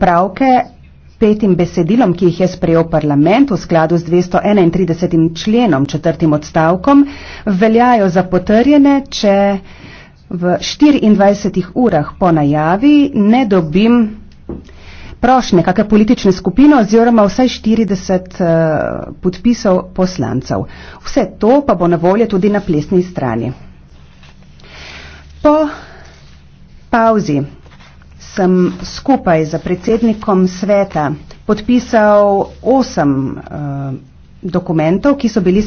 pravke petim besedilom, ki jih je sprejel parlament v skladu z 231. členom četrtim odstavkom, veljajo za potrjene, če v 24 urah po najavi ne dobim prošnje kakšne politične skupine oziroma vsaj 40 uh, eh, podpisov poslancev. Vse to pa bo na volje tudi na plesni strani. Po pauzi sem skupaj za predsednikom sveta podpisal osem uh, dokumentov, ki so bili